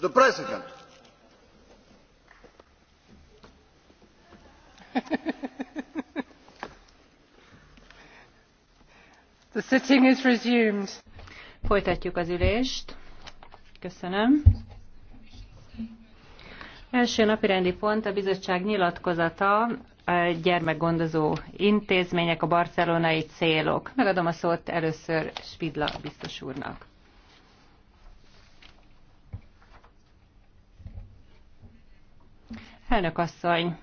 the president. the sitting is resumed. Folytatjuk az ülést. Köszönöm. Első napirendi pont a bizottság nyilatkozata a gyermekgondozó intézmények, a barcelonai célok. Megadom a szót először Spidla biztos úrnak. Elnök asszony,